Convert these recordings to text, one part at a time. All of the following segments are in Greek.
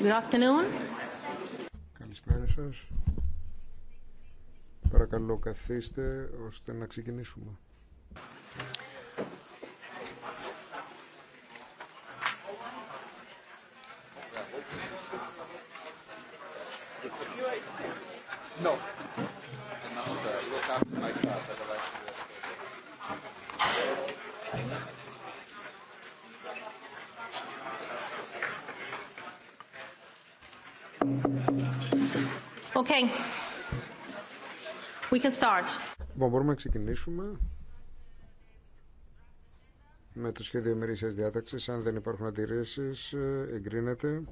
Good afternoon. Καλησπέρα σας. Παρακαλώ καθίστε ώστε να ξεκινήσουμε. Λοιπόν, μπορούμε να ξεκινήσουμε με το σχέδιο ημερήσιας διάταξης. Αν δεν υπάρχουν αντιρρήσεις, ε, εγκρίνεται.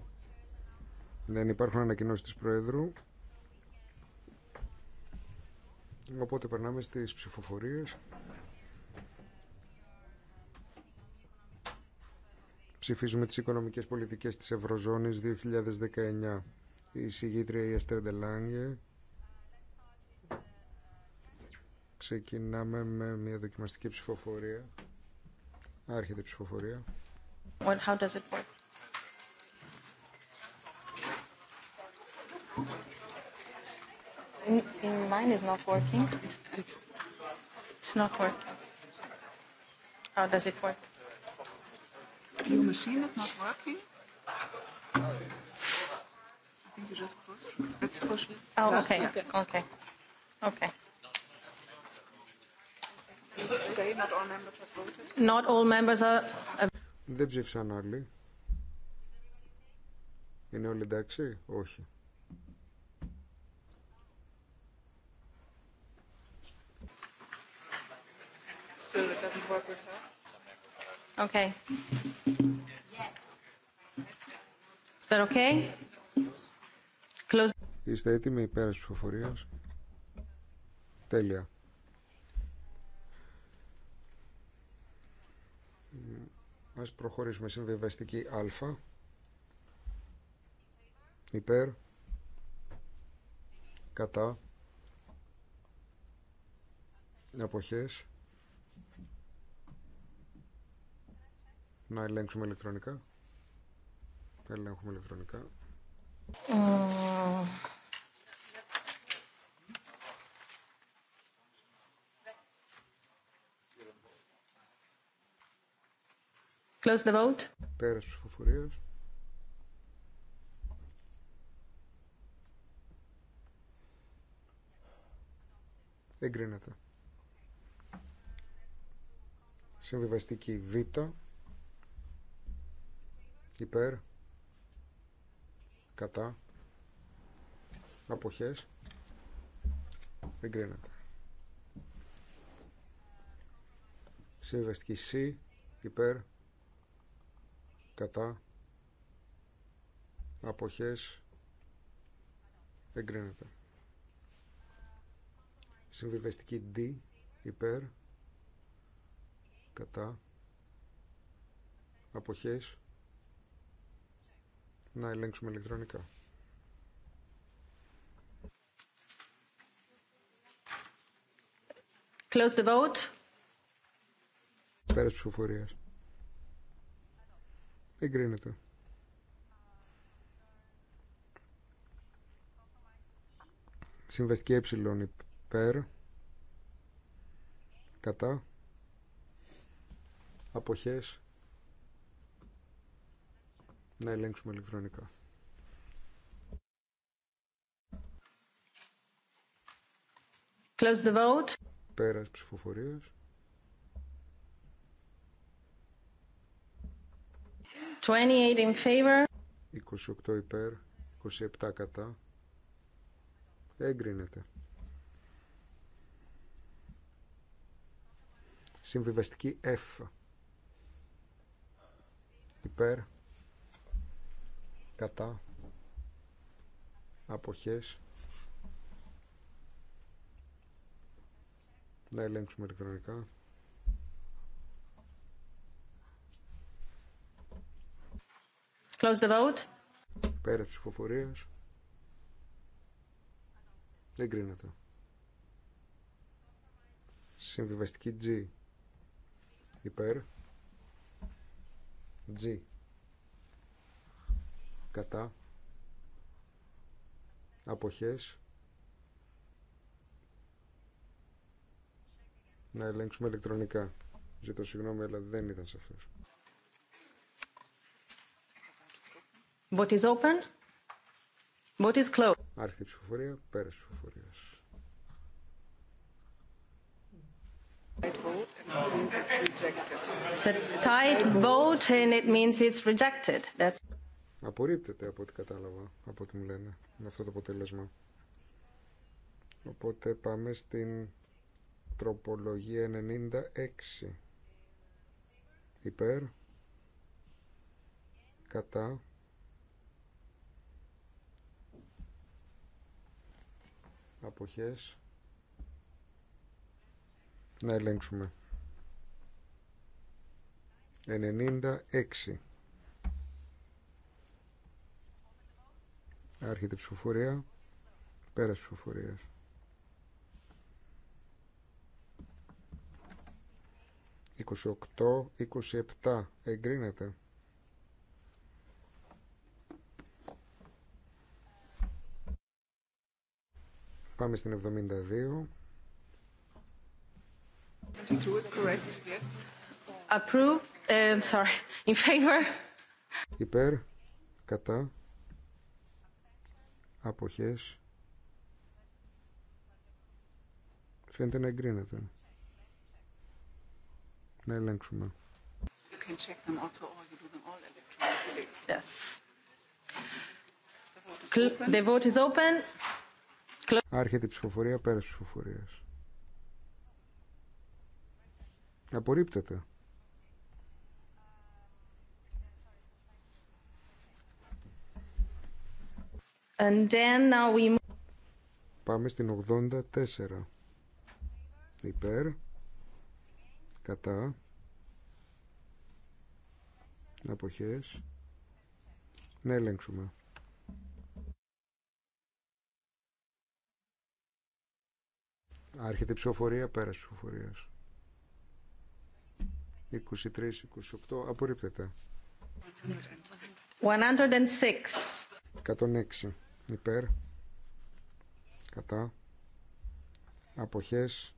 Δεν υπάρχουν ανακοινώσεις της Προέδρου. Οπότε περνάμε στις ψηφοφορίες. Ψηφίζουμε τις οικονομικές πολιτικές της Ευρωζώνης 2019. Η συγγήτρια η Ξεκινάμε με μια δοκιμαστική ψηφοφορία. Άρχεται η ψηφοφορία. Well, how does it work? In, in mine is not working. It's, it's, it's not working. How does it work? Your machine is not working? I think you just push. Let's push. Oh, okay. Okay. Okay. okay. Not all members are... Δεν ψήφισαν άλλοι. Είναι όλοι εντάξει, όχι. Είστε έτοιμοι υπέρ της ψηφοφορίας. Τέλεια. Ας προχωρήσουμε συμβιβαστική α. Υπέρ. Κατά. εποχές, Να ελέγξουμε ηλεκτρονικά. Ελέγχουμε ηλεκτρονικά. Close the vote. Πέρας Εγκρίνεται. Συμβιβαστική Β. Υπέρ. Κατά. Αποχές. Εγκρίνεται. Συμβιβαστική C. Υπέρ κατά αποχές εγκρίνεται συμβιβαστική D υπέρ κατά αποχές να ελέγξουμε ηλεκτρονικά Close the vote. ψηφοφορίας. Εγκρίνεται. Συμβαστική ε υπέρ. Κατά. Αποχές. Να ελέγξουμε ηλεκτρονικά. Close the vote. Πέρας ψηφοφορίας. 28 in favor. 28 υπέρ, 27 κατά. Εγκρίνεται. Συμβιβαστική F. Υπέρ. Κατά. Αποχές. Να ελέγξουμε ηλεκτρονικά. Close the vote. Πέρα ψηφοφορία. Δεν κρίνεται. Συμβιβαστική G. Υπέρ. G. Κατά. Αποχέ. Να ελέγξουμε ηλεκτρονικά. Ζητώ συγγνώμη, αλλά δεν ήταν σαφές. Vote is open. Vote is closed. Άρχεται η ψηφοφορία, ψηφοφορίας. It's tight vote and it means it's rejected. That's... Απορρίπτεται από ό,τι κατάλαβα, από ό,τι μου λένε, με αυτό το αποτέλεσμα. Οπότε πάμε στην τροπολογία 96. Υπέρ. Κατά αποχές να ελέγξουμε 96 άρχεται ψηφοφορία πέρας ψηφοφορίας ψηφοφορία. 28-27 εγκρίνεται Πάμε στην 72. it correct. Approve. Um, sorry. In favor. Υπέρ. Κατά. Αποχές. Φαίνεται να εγκρίνεται. Να ελέγξουμε. You can check them also, or you do them all electronically. Yes. The vote is open. The vote is open. Άρχεται η ψηφοφορία, πέρας ψηφοφορίας. Απορρίπτεται. And then now we... Πάμε στην 84. Υπέρ. Κατά. Αποχές. Να ελέγξουμε. Άρχεται η ψηφοφορία, ψηφοφορία. ψηφοφορίας. 23-28, απορρίπτεται. 106. 106. Υπέρ. Κατά. Αποχές.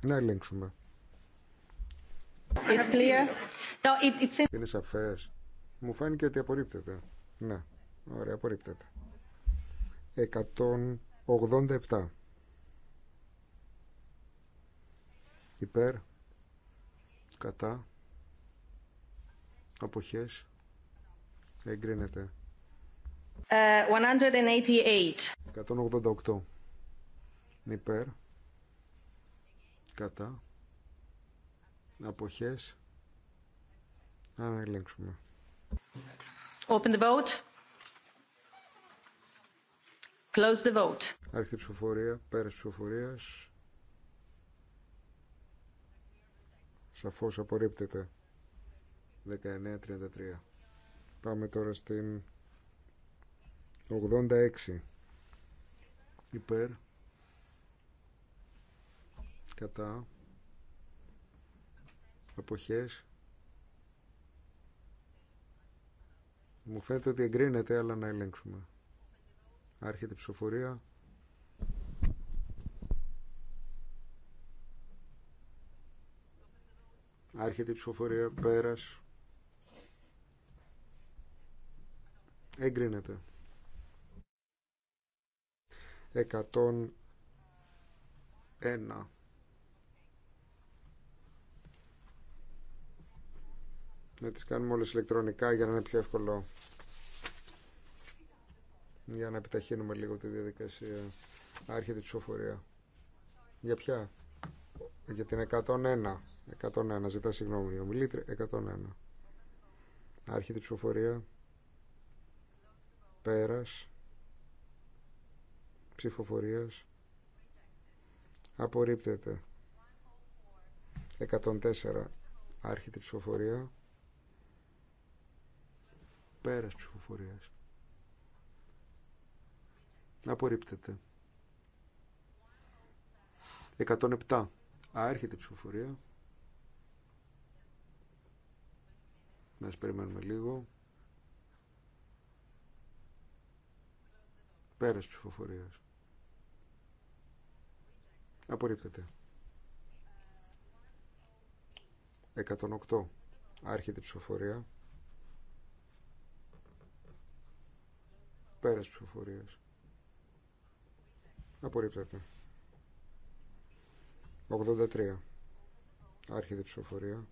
Να ελέγξουμε. It's clear. No, it's... Είναι σαφές. Μου φάνηκε ότι απορρίπτεται. Ναι, ωραία, απορρίπτεται. 187 υπέρ κατά αποχές εγκρίνεται 188 ε, 188 υπέρ κατά αποχές να ελέγξουμε Open the vote. Close the vote. ψηφοφορία, πέρας ψηφοφορίας. Σαφώς απορρίπτεται. 19.33. Πάμε τώρα στην 86. Υπέρ. Κατά. Αποχές. Μου φαίνεται ότι εγκρίνεται, αλλά να ελέγξουμε. Άρχεται η ψηφοφορία. Άρχεται η ψηφοφορία. Πέρας. Εγκρίνεται. 101. Να τις κάνουμε όλες ηλεκτρονικά για να είναι πιο εύκολο για να επιταχύνουμε λίγο τη διαδικασία. Άρχεται η ψηφοφορία. Για ποια? Για την 101. 101. Ζητά συγγνώμη ομιλήτρια. 101. Άρχεται η ψηφοφορία. Πέρας. Ψηφοφορίας. Απορρίπτεται. 104. Άρχεται η ψηφοφορία. Πέρας ψηφοφορίας. Απορρίπτεται. 107. Α, έρχεται η ψηφοφορία. Να περιμένουμε λίγο. Πέρας ψηφοφορίας. Απορρίπτεται. 108. Άρχεται η ψηφοφορία. Πέρας ψηφοφορίας. Απορρίπτεται. 83. Άρχιδη ψηφοφορία.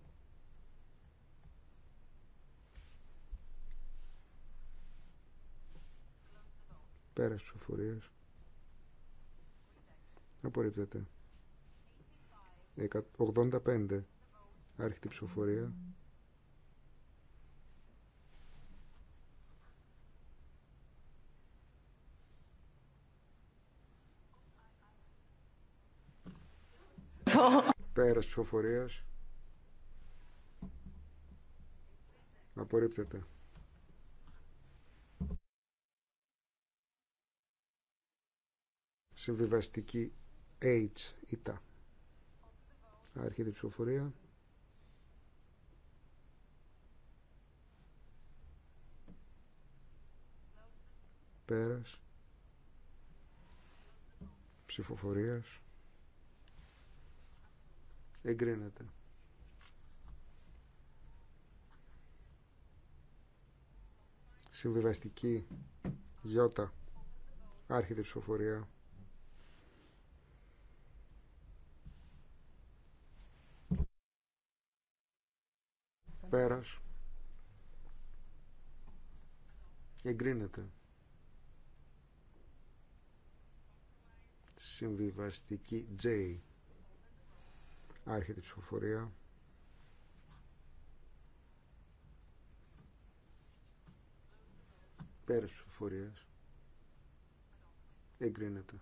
Πέρας ψηφοφορίας. Απορρίπτεται. 85. Άρχιδη ψηφοφορία. Mm. ψηφοφορία. Πέρας ψηφοφορίας. Απορρίπτεται. Συμβιβαστική H ή τα. Άρχεται η ψηφοφορία. ψηφοφορια ψηφοφορίας εγκρίνεται. Συμβιβαστική γιώτα άρχιτε ψηφοφορία. Πέρας. Εγκρίνεται. Συμβιβαστική J. Άρχεται η ψηφοφορία. Πέρας ψηφοφορίας. Εγκρίνεται.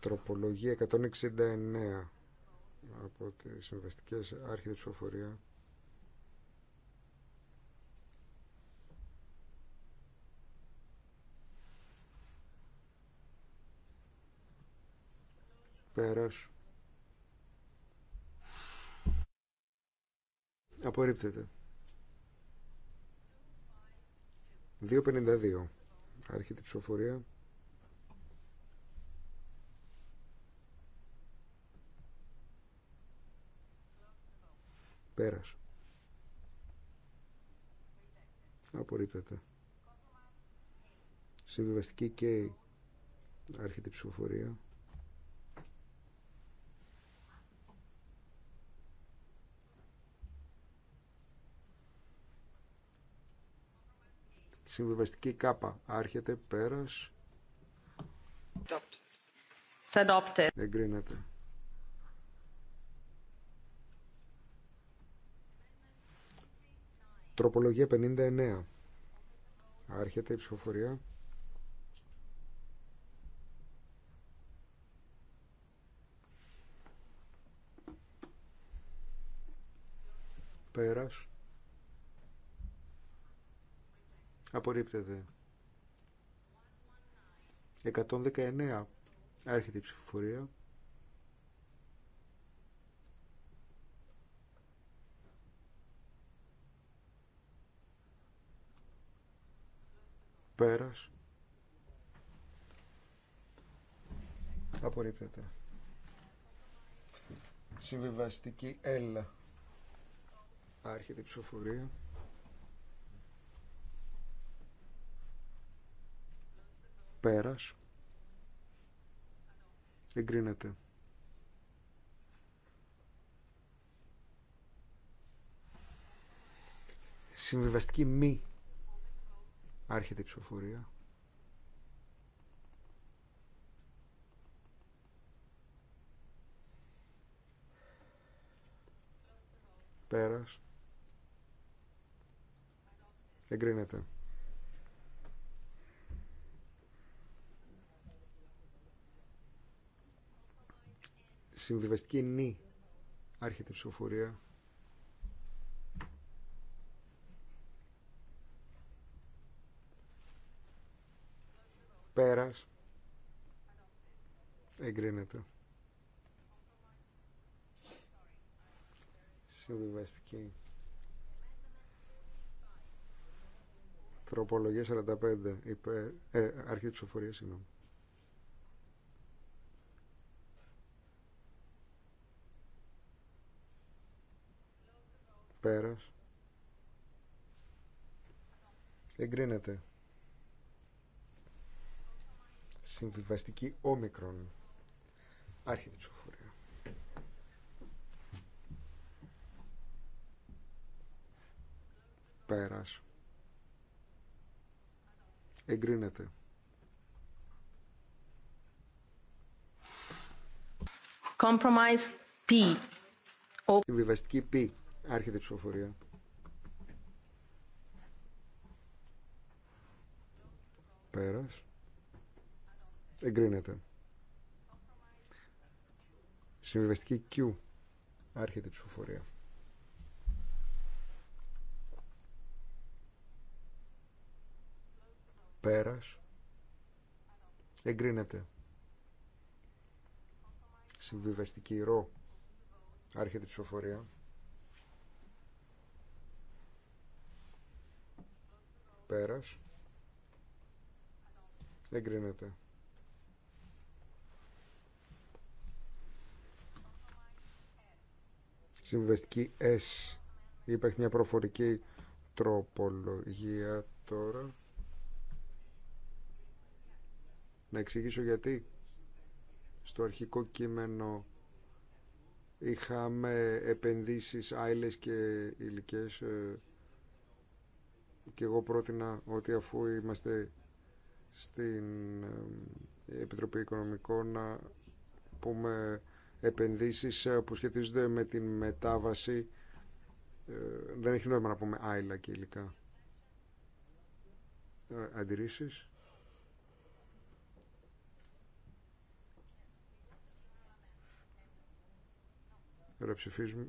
Τροπολογία 169 από τις συμβαστικές άρχιδες ψηφοφορία. Πέρας. Απορρίπτεται. 2.52. Άρχεται η ψηφοφορία. Πέρας. Απορρίπτεται. Συμβιβαστική και άρχεται η ψηφοφορία. Συμβιβαστική κάπα. Άρχεται, πέρας. Adopted. Εγκρίνεται. Τροπολογία 59. Άρχεται η ψηφοφορία. Πέρας. Απορρίπτεται. 119. Άρχεται η ψηφοφορία. Πέρας. Απορρίπτεται. Συμβιβαστική έλα. Άρχεται η ψηφοφορία. Πέρας. Εγκρίνεται. Συμβιβαστική μη. Άρχεται η ψηφοφορία. Πέρας. Εγκρίνεται. Συμβιβαστική νη. Άρχεται ψηφοφορία. Πέρας. Εγκρίνεται. Συμβιβαστική. Τροπολογία 45. Υπέρ... Ε, άρχεται ψηφοφορία, συγγνώμη. Πέρας. Εγκρίνεται. Συμβιβαστική όμικρον. Άρχεται ψηφοφορία. Πέρας. Εγκρίνεται. Compromise P. Συμβιβαστική P. Άρχεται η ψηφοφορία. Πέρας. Εγκρίνεται. Συμβιβαστική Q. Άρχεται η ψηφοφορία. Πέρας. Εγκρίνεται. Συμβιβαστική ρο. Άρχεται η ψηφοφορία. Πέρας. Εγκρίνεται. συμβεστική S. Υπάρχει μια προφορική τροπολογία τώρα. Να εξηγήσω γιατί στο αρχικό κείμενο είχαμε επενδύσεις άειλες και υλικές ε, και εγώ πρότεινα ότι αφού είμαστε στην ε, Επιτροπή Οικονομικών να πούμε επενδύσεις ε, που σχετίζονται με την μετάβαση ε, δεν έχει νόημα να πούμε άειλα και υλικά αντιρρήσεις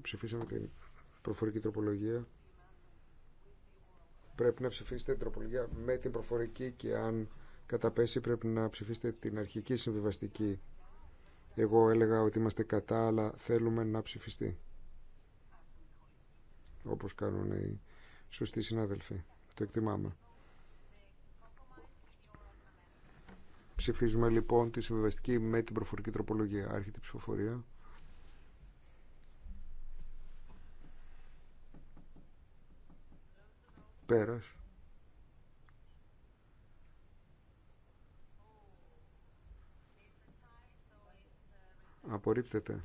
ψηφίσαμε την προφορική τροπολογία πρέπει να ψηφίσετε την τροπολογία με την προφορική και αν καταπέσει πρέπει να ψηφίσετε την αρχική συμβιβαστική. Εγώ έλεγα ότι είμαστε κατά, αλλά θέλουμε να ψηφιστεί. Όπως κάνουν οι σωστοί συνάδελφοι. Το εκτιμάμε. Ψηφίζουμε λοιπόν τη συμβιβαστική με την προφορική τροπολογία. Άρχεται η ψηφοφορία. Πέρας. Απορρίπτεται.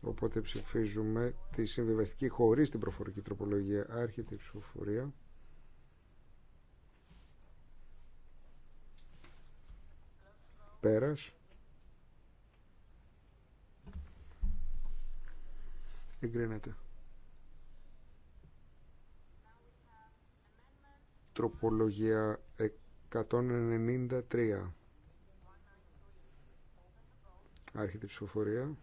Οπότε ψηφίζουμε τη συμβιβαστική χωρίς την προφορική τροπολογία. Άρχεται η ψηφοφορία. πέρας εγκρίνεται τροπολογία 193 άρχεται η ψηφοφορία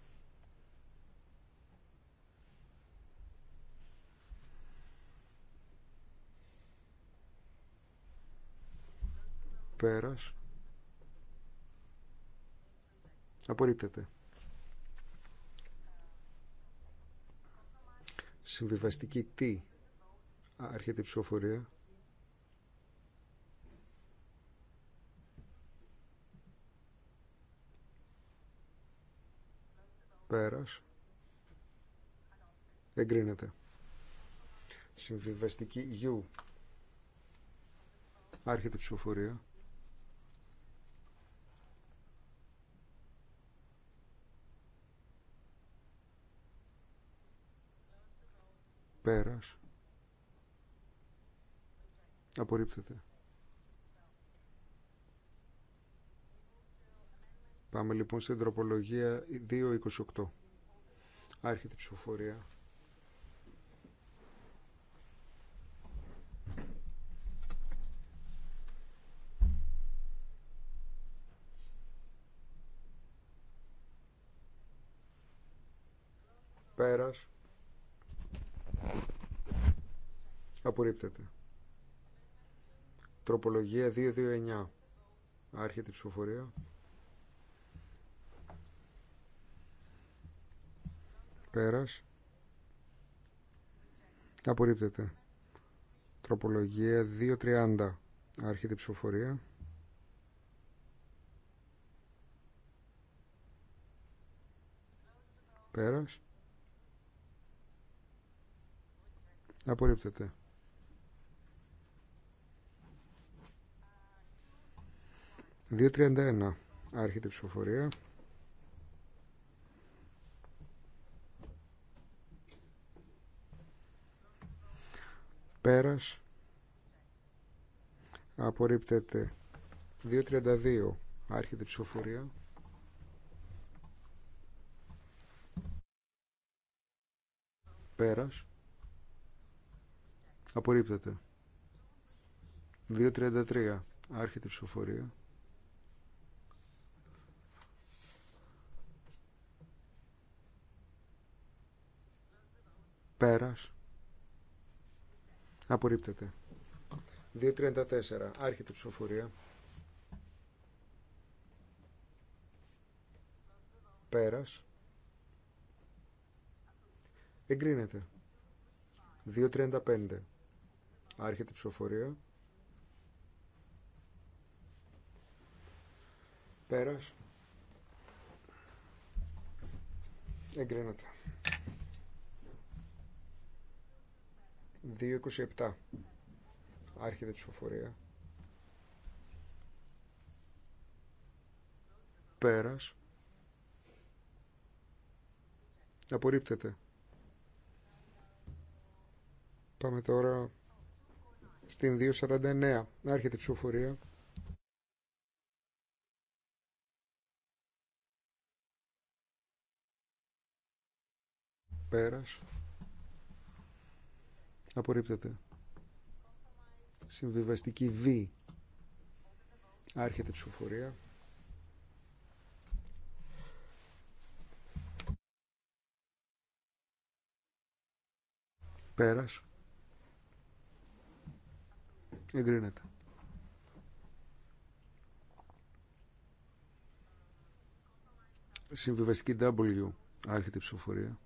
πέρας Απορρίπτεται. Συμβιβαστική τι. Άρχεται η ψηφοφορία. Πέρας. Εγκρίνεται. Συμβιβαστική U. Άρχεται η ψηφοφορία. Πέρας. Απορρίπτεται. Πάμε λοιπόν στην τροπολογία 2.28. Άρχεται η ψηφοφορία. Πέρας. Απορρίπτεται. Τροπολογία 229. Άρχεται η ψηφοφορία. Πέρας. Απορρίπτεται. Τροπολογία 230. Άρχεται η ψηφοφορία. Πέρας. Απορρίπτεται. 2.31 άρχεται η ψηφοφορία πέρας απορρίπτεται 2.32 άρχεται η ψηφοφορία πέρας απορρίπτεται 2.33 άρχεται η ψηφοφορία Πέρας. Απορρίπτεται. 2.34. Άρχεται ψηφοφορία. Πέρας. Εγκρίνεται. 2.35. Άρχεται ψηφοφορία. Πέρας. Εγκρίνεται. 2.27 άρχεται ψηφοφορία πέρας απορρίπτεται πάμε τώρα στην 2.49 άρχεται ψηφοφορία πέρας Απορρίπτεται. Συμβιβαστική Β. Άρχεται ψηφοφορία. Πέρας. Εγκρίνεται. Συμβιβαστική W. Άρχεται ψηφοφορία.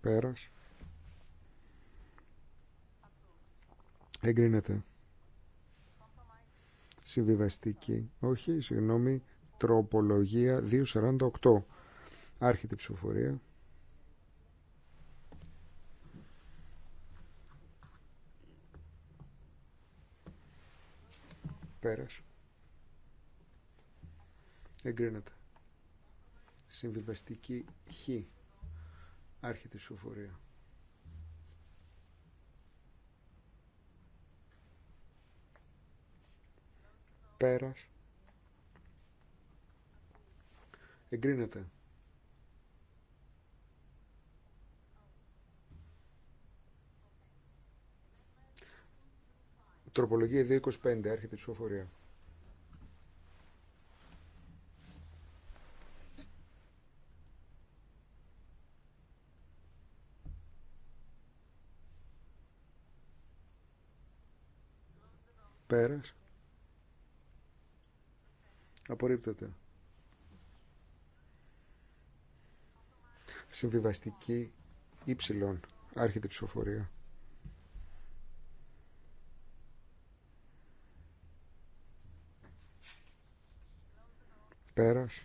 Πέρας. Εγκρίνεται. Συμβιβαστική. Όχι, συγγνώμη. Τροπολογία 248. Άρχεται ψηφοφορία. Πέρας. Εγκρίνεται. Συμβιβαστική χ. Άρχεται η ψηφοφορία. Πέρας. Εγκρίνεται. Τροπολογία 225. Άρχεται η ψηφοφορία. Πέρας. Απορρίπτεται. Συμβιβαστική ύψιλον Άρχεται ψηφοφορία. Πέρας.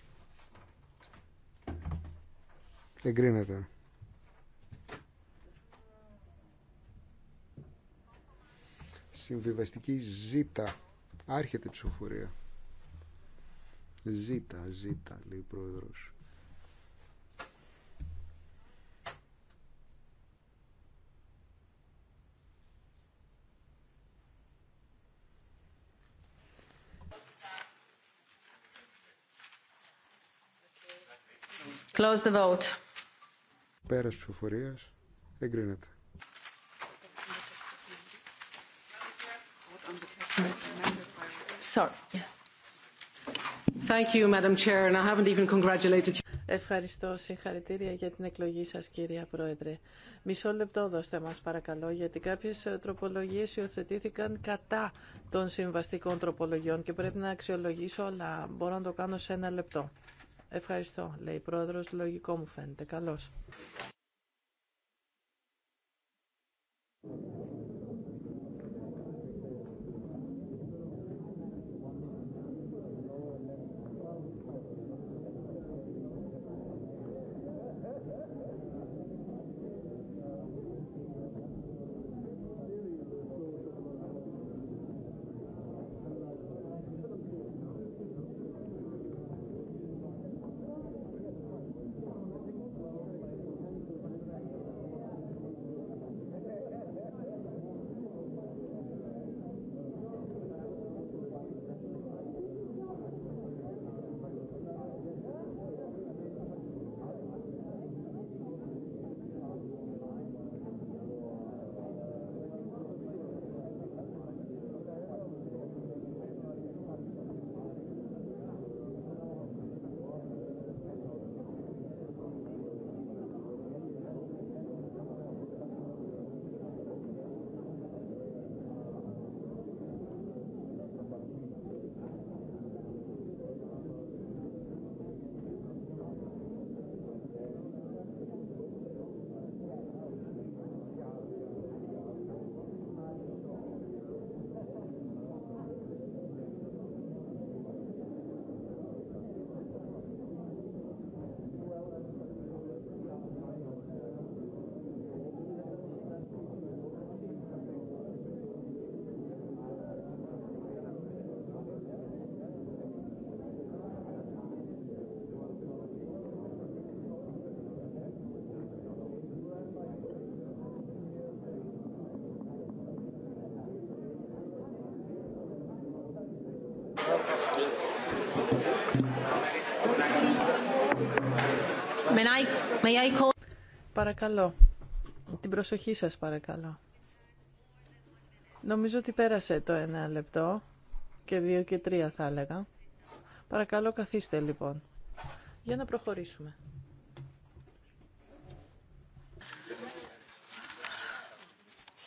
Εγκρίνεται. Συμβιβαστική ζήτα. Άρχεται η ψηφοφορία. Ζήτα, ζήτα, λέει ο πρόεδρος. Close the vote. Πέρας ψηφοφορίας. Εγκρίνεται. Ευχαριστώ. Συγχαρητήρια για την εκλογή σα, κυρία Πρόεδρε. Μισό λεπτό δώστε μας, παρακαλώ, γιατί κάποιε τροπολογίε υιοθετήθηκαν κατά των συμβαστικών τροπολογιών και πρέπει να αξιολογήσω, αλλά μπορώ να το κάνω σε ένα λεπτό. Ευχαριστώ, λέει η Πρόεδρος. Λογικό μου φαίνεται. Καλώ. Παρακαλώ. Την προσοχή σας παρακαλώ. Νομίζω ότι πέρασε το ένα λεπτό και δύο και τρία θα έλεγα. Παρακαλώ καθίστε λοιπόν. Για να προχωρήσουμε.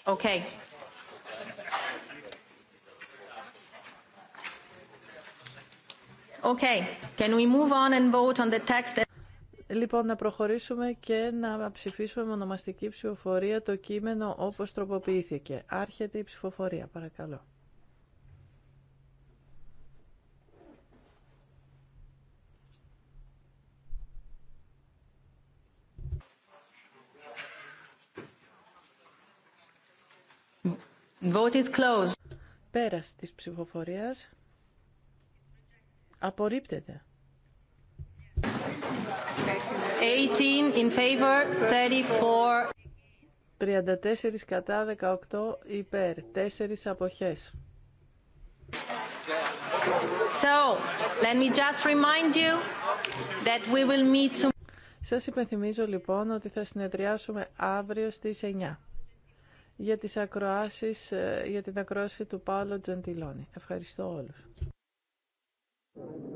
Okay. Okay. Can we move on and vote on the text? Λοιπόν, να προχωρήσουμε και να ψηφίσουμε με ονομαστική ψηφοφορία το κείμενο όπως τροποποιήθηκε. Άρχεται η ψηφοφορία, παρακαλώ. Vote is closed. Πέρας της ψηφοφορίας απορρίπτεται. 18 in favor, 34. 34 κατά 18 υπέρ, 4 αποχές. So, let me just remind you that we will meet Σας υπενθυμίζω λοιπόν ότι θα συνεδριάσουμε αύριο στις 9 για τις ακροάσεις, ε, για την ακρόαση του Πάολο Τζεντιλόνι. Ευχαριστώ όλους.